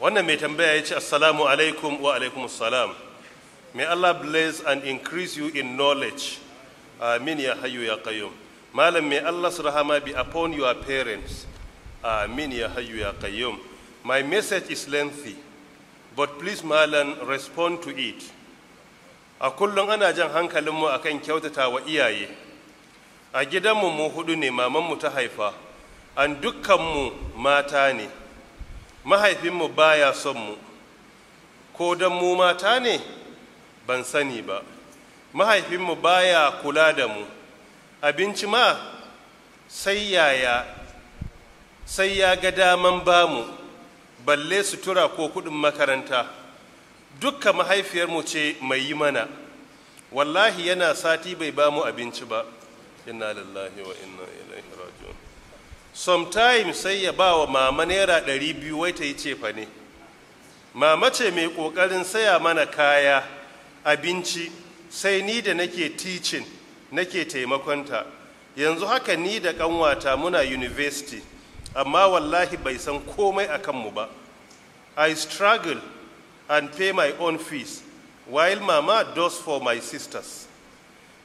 wannan mai tambaya ya ce assalamu alaikum wa alaikum assalam may Allah bless and increase you in knowledge amin ya hayu ya qayyum malam may su rahama be upon your parents amin ya hayu ya qayyum my message is lengthy but please malam respond to it a kullum ana jan hankalinmu akan kyautata wa iyaye a gidanmu mu hudu ne mamanmu ta haifa an dukkanmu mata ne mahaifinmu baya son mu ko don mu mata ne ban sani ba mahaifinmu baya kula da mu abinci ma sai yaya sai ya ga daman bamu balle sutura ko kudin makaranta dukka mahaifiyarmu ce mai yi mana wallahi yana sati bai bamu abinci ba inna lillahi wa inna ilaihi raji'un sometimes sai ya ba wa mama naira ɗari biyu wai ta yi cefa ne mama ce mai ƙoƙarin saya mana kaya abinci sai ni da nake teaching nake taimakonta yanzu haka ni da ƙanwata muna university amma wallahi bai san komai a kanmu ba i struggle and pay my own fees while mama does for my sisters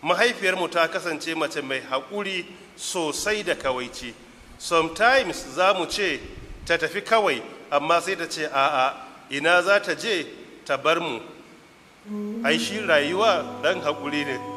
mahaifiyarmu ta kasance mace mai haƙuri sosai da kawaici sometimes za mu ce ta tafi kawai amma sai ta ce a'a ina za ta je ta bar mu ai shi rayuwa dan haƙuri ne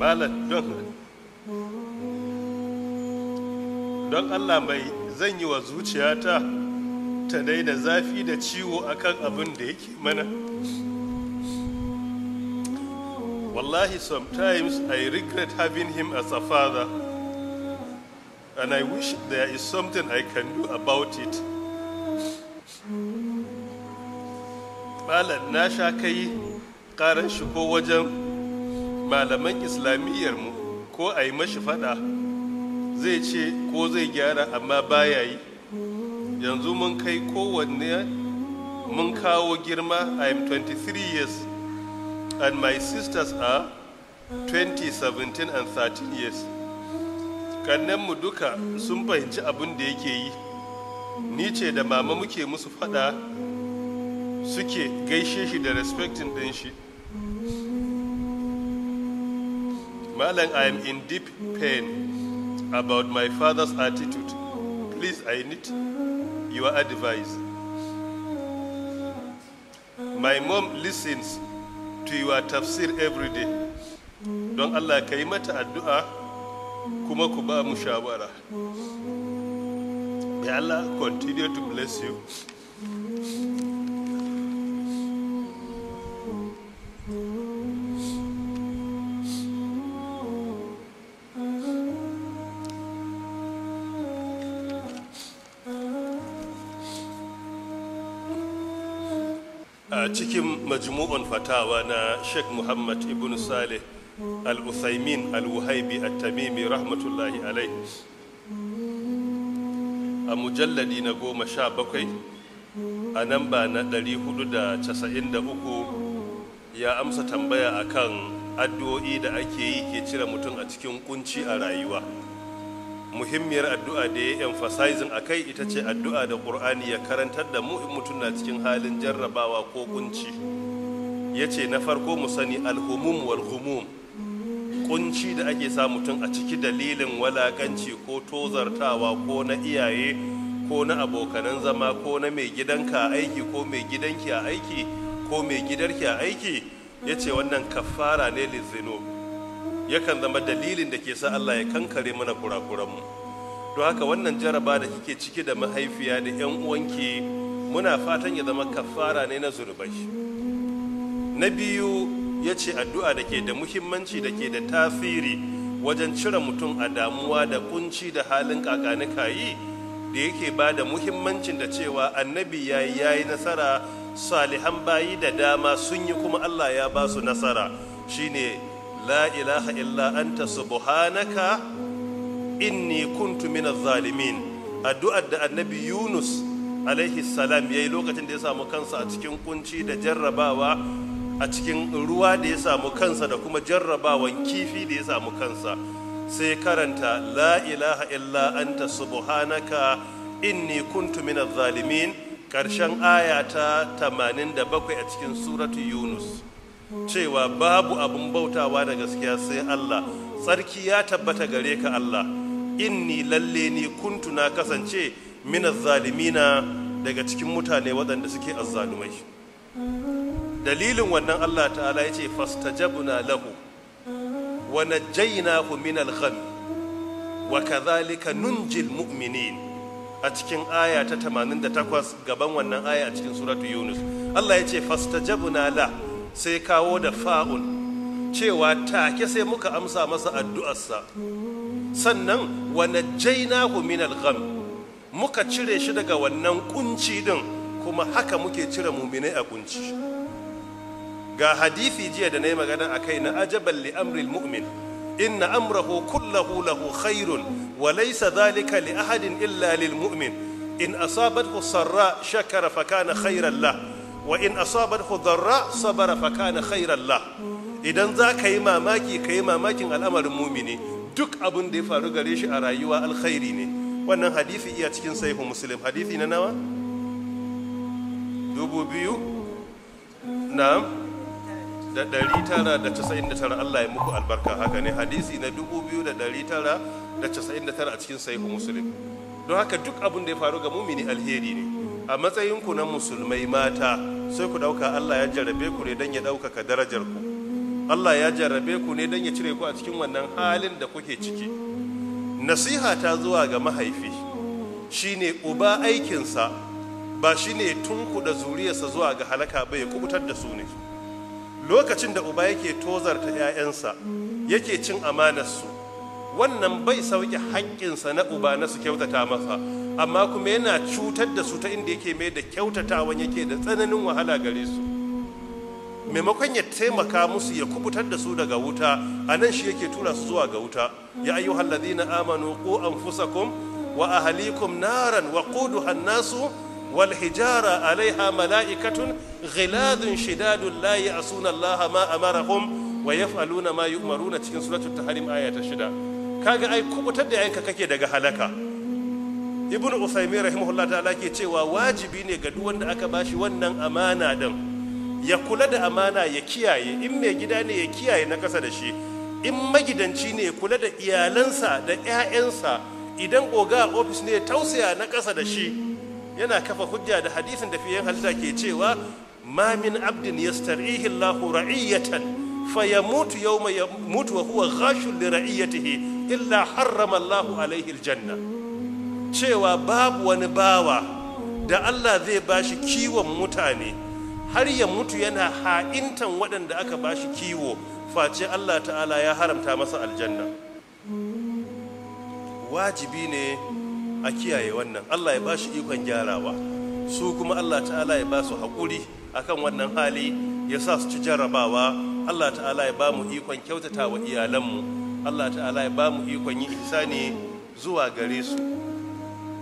malam don don allah mai zan yi wa zuciyata ta daina zafi da ciwo akan abin da yake mana wallahi sometimes i regret having him as a father and i wish there is something i can do about it malam na sha kai karar shi ko wajen malaman islamiyyar mu ko a yi mashi fada zai ce ko zai gyara amma baya yi yanzu mun kai kowanne mun kawo girma i am 23 years and my sisters are 20 17 and 13 years kannenmu duka sun fahimci abin da yake yi ni ce da mama muke musu fada suke gaishe shi da respectin ɗin shi Malang, I am in deep pain about my father's attitude. Please, I need your advice. My mom listens to your tafsir every day. Don Allah ka mata addu'a kuma ku ba mu shawara. May Allah continue to bless you. a cikin majmu'un fatawa na sheikh muhammad ibn saleh al usaimin al-wuhaibi at-tamimi rahmatullahi alaihi a mujalladi na goma sha bakwai a nan ba na uku, ya amsa tambaya akan addu'o'i da ake yi ke cire mutum a cikin kunci a rayuwa muhimmiyar addu'a da ya emphasizing a kai ita ce addu'a da ƙur'ani ya karantar da mu in mutum na cikin halin jarrabawa ko kunci ya ce na farko mu sani alhumum wal kunci da ake sa mutum a ciki dalilin walakanci ko tozartawa ko na iyaye ko na abokanan zama ko na mai gidanka a aiki ko mai gidanki a aiki ko mai gidarki a aiki ya ce wannan kafara ne lizino. yakan zama dalilin da ke sa Allah ya kankare mana kurakuranmu don haka wannan jaraba da kike ciki da mahaifiya da 'yan uwanki muna fatan ya zama kafara ne na zurbai na biyu ya ce addu'a da ke da muhimmanci da ke da tasiri wajen cire mutum a damuwa da kunci da halin kakanika yi da yake ba da muhimmancin da cewa annabi ya yi nasara salihan bayi da dama sun yi kuma Allah ya ba su nasara shine la ilaha illa anta subhanaka inni kuntu min zalimin addu'ar da annabi Yunus alaihi salam yayi lokacin da ya samu kansa a cikin kunci da jarrabawa a cikin ruwa da ya samu kansa da kuma jarrabawan kifi da ya samu kansa sai karanta la ilaha illa anta subhanaka inni kuntu min zalimin karshen aya ta 87 a cikin suratu Yunus cewa babu abin bautawa da gaskiya sai Allah tsarki ya tabbata gare ka Allah inni lalle ni kuntu na kasance minaz zalimina daga cikin mutane waɗanda suke azzalumai dalilin wannan Allah ta'ala ya ce fastajabna lahu wa najjaynahu minal gham wa kadhalika nunjil mu'minin a cikin aya ta 88 gaban wannan aya a cikin suratu yunus Allah ya ce na lahu sai kawo da fa'un cewa take sai muka amsa masa addu'arsa sannan wane jainahu min algham muka cire shi daga wannan kunci din kuma haka muke cire muminai a kunci ga hadithi jiya da na yi magana a kai na ajaban li amril mu'min inna amrahu kullahu lahu khairun wa laysa dhalika li ahadin illa lil mu'min in asabathu sarra shakara fa kana khairan lahu wa in asabathu dharra sabara fa kana khairan la idan za ka yi mamaki ka yi mamakin al'amarin mumini duk abin da ya faru gare shi a rayuwa alkhairi ne wannan hadisi iya cikin sahihu muslim hadisi na nawa dubu biyu na da ɗari tara da casa'in da tara Allah ya muku albarka haka ne hadisi na dubu biyu da ɗari tara da casa'in da tara a cikin sahihu muslim don haka duk abin da ya faru ga mumini alheri ne a matsayinku na musulmai mata sai ku ɗauka allah ya jarrabe ku ne don ya ɗaukaka darajar ku allah ya jarrabe ku ne don ya cire ku a cikin wannan halin da kuke ciki nasiha ta zuwa ga mahaifi shine uba aikinsa ba shine tunkuɗa zuriyarsa zuwa ga halaka ba ya kubutar da su ne lokacin da uba yake tozarta 'ya'yansa yake cin amanarsu wannan bai sauke hankinsa na uba na su kyautata masa amma kuma yana cutar da su ta inda yake mai da kyautatawan yake da tsananin wahala gare su maimakon ya taimaka musu ya kubutar da su daga wuta a nan shi yake tura su zuwa ga wuta ya ayyu halladina amanu ku anfusakum wa ahlikum naran wa quduha nasu wal hijara alaiha mala'ikatun ghiladun shidadun la ya'suna allaha ma amarahum wa yaf'aluna ma yu'maruna cikin suratul tahrim aya ta shida kaga ai kubutar da yanka kake daga halaka ibnu usaimin rahimahullah ta'ala ke cewa wajibi ne ga duk wanda aka bashi wannan amana din ya kula da amana ya kiyaye in mai gida ne ya kiyaye na kasa da shi in magidanci ne ya kula da iyalansa da 'ya'yansa idan oga a ofis ne tausaya na kasa da shi yana kafa hujja da hadisin da fiye halitta ke cewa ma min abdin yastar'ihi Allahu ra'iyatan fayamutu yawma yamutu wa huwa ghashul li ra'iyatihi illa harrama Allah alaihi aljanna cewa babu wani bawa da Allah zai bashi kiwon mutane har ya mutu yana ha'intan waɗanda aka bashi kiwo face Allah ta'ala ya haramta masa aljanna wajibi ne a kiyaye wannan Allah ya bashi ikon gyarawa su kuma Allah ta'ala ya ba su haƙuri akan wannan hali ya sa su ci jarrabawa Allah ta'ala ya ba mu ikon kyautata wa iyalanmu Allah ta'ala ya ba mu ikon yi ihsani zuwa gare su